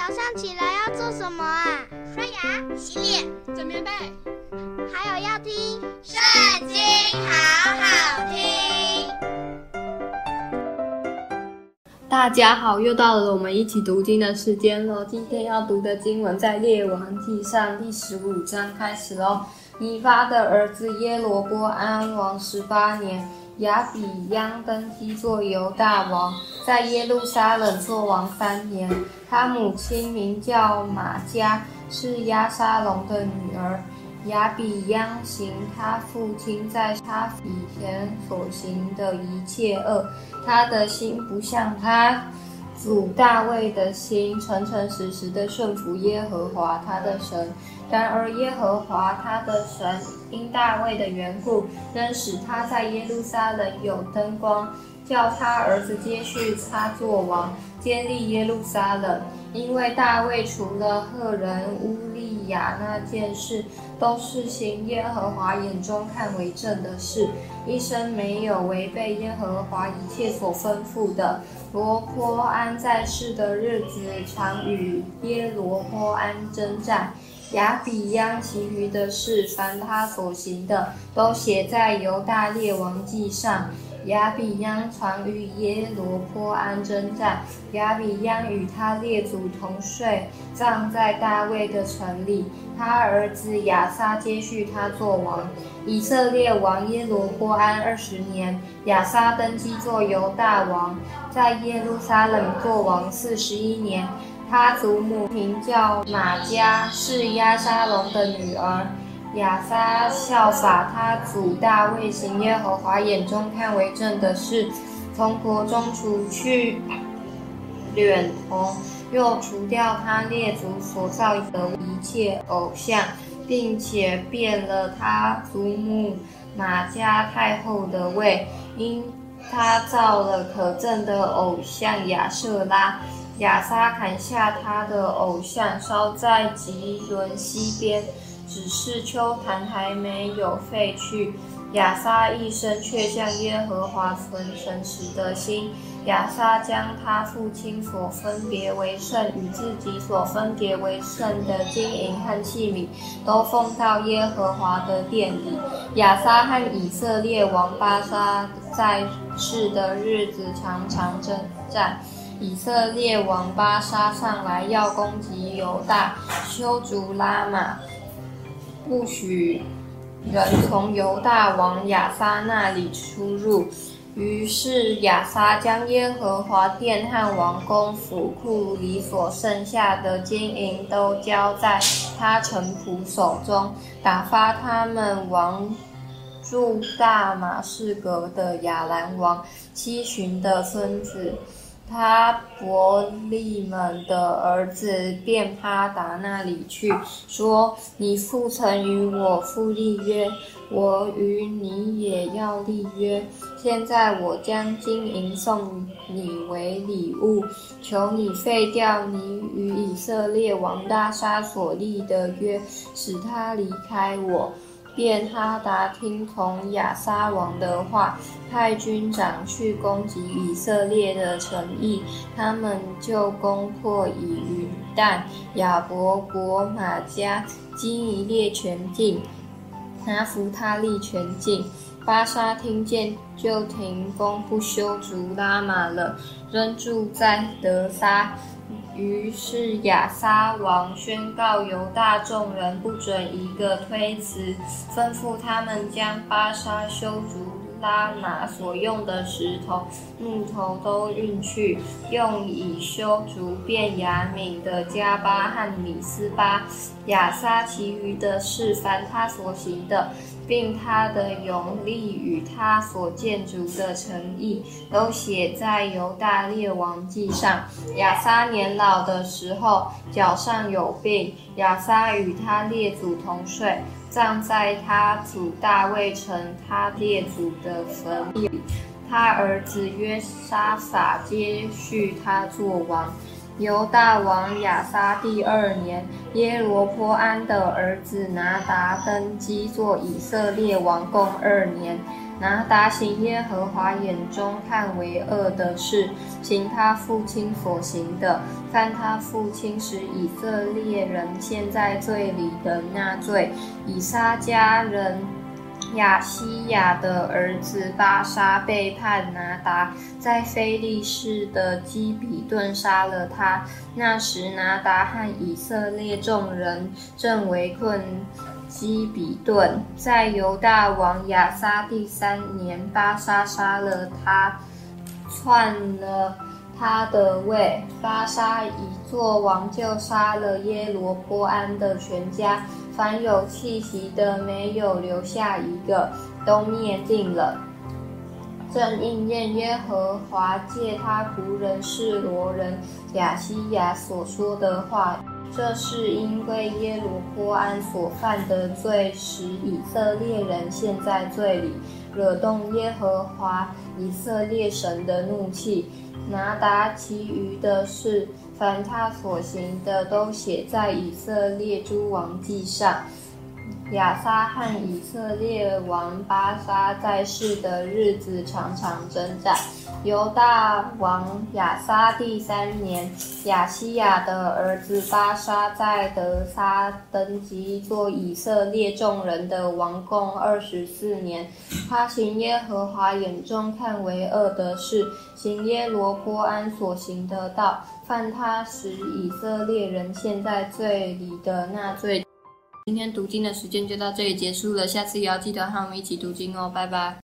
早上起來要做什麼啊？刷牙、洗臉、準備備，還有要聽《聖經》，好好聽。大家好，又到了我們一起讀經的時間了。今天要讀的經文在《列王記上》第十五章開始嘍。尼八的兒子耶羅波安王十八年。亞比央登基做猶大王，在耶路撒冷作王三年。他母親名叫瑪迦，是押沙龍的女兒。亞比央行他父親在他以前所行的一切惡，他的心不像他祖大衛的心，誠誠實實的順服耶和華他的神。然而，耶和華他的神因大衛的緣故，仍使他在耶路撒冷有燈光，叫他兒子接續他作王，堅立耶路撒冷。因為大衛除了赫人烏利亞那件事，都是行耶和華眼中看為正的事，一生沒有違背耶和華一切所吩咐的。羅波安在世的日子，常與耶羅波安爭戰。亞比央其餘的事，凡他所行的，都寫在猶大列王記上。亞比央常與耶羅波安爭戰。亞比央與他列祖同睡，葬在大衛的城裡。他兒子亞撒接續他作王。以色列王耶羅波安二十年，亞撒登基作猶大王，在耶路撒冷作王四十一年。他祖母名叫瑪迦，是押沙龍的女兒。亞撒效法他祖大衛行耶和華眼中看為正的事，從國中除去孌童，又除掉他列祖所造的一切偶像，並且貶了他祖母瑪迦太後的位，因他造了可憎的偶像亞舍拉。亞撒砍下他的偶像，燒在汲淪溪邊。只是邱壇還沒有廢去。亞撒一生卻向耶和華存誠實的心。亞撒將他父親所分別為聖與自己所分別為聖的金銀和器皿，都奉到耶和華的殿裡。亞撒和以色列王巴沙在世的日子，常常爭戰。以色列王巴沙上來要攻擊猶大，修築拉瑪，不許人從猶大王亞撒那裡出入。於是亞撒將耶和華殿和王宮府庫裡所剩下的金銀都交在他臣僕手中，打發他們往住大馬士革的亞蘭王希旬的孫子。他伯利們的兒子便哈達那裡去說：“你父曾與我父立約，我與你也要立約。現在我將金銀送你為禮物，求你廢掉你與以色列王巴沙所立的約，使他離開我。”便哈達聽從亞撒王的話，派軍長去攻擊以色列的城邑，他們就攻破以雲、但、亞伯‧伯‧瑪迦、基尼烈全境，拿弗他利全境。巴沙聽見就停工不修築拉瑪了，仍住在得撒。於是亞撒王宣告，猶大眾人不准一個推辭，吩咐他們將巴沙修築拉瑪所用的石頭、木頭都運去，用以修築便雅憫的迦巴和米斯巴。亞撒其餘的事，凡他所行的。並他的勇力與他所建築的城邑，都寫在猶大列王記上。亞撒年老的時候，腳上有病。亞撒與他列祖同睡，葬在他祖大衛城他列祖的墳地裡。他兒子約沙法接續他作王。猶大王亞撒第二年，耶羅波安的兒子拿答登基做以色列王，共二年。拿答行耶和華眼中看為惡的事，行他父親所行的，犯他父親使以色列人陷在罪裡的那罪。以薩迦人。亞希雅的兒子巴沙背叛拿答，在非利士的基比頓殺了他。那時拿答和以色列眾人正圍困基比頓。在猶大王亞撒第三年，巴沙殺了他，篡了他的位。巴沙一作王就殺了耶羅波安的全家。凡有氣息的，沒有留下一個，都滅盡了。正應驗耶和華借他僕人示羅人亞希雅所說的話。這是因為耶羅波安所犯的罪，使以色列人陷在罪裡，惹動耶和華以色列神的怒氣。拿答，其餘的事。凡他所行的，都寫在以色列諸王記上。亞撒和以色列王巴沙在世的日子，常常爭戰。猶大王亞撒第三年，亞希雅的兒子巴沙在得撒登基，做以色列眾人的王，共二十四年。他行耶和華眼中看為惡的事，行耶羅波安所行的道，犯他使以色列人陷在罪裡的那罪。今天讀經的時間就到這裡結束了，下次也要記得和我們一起讀經哦，拜拜。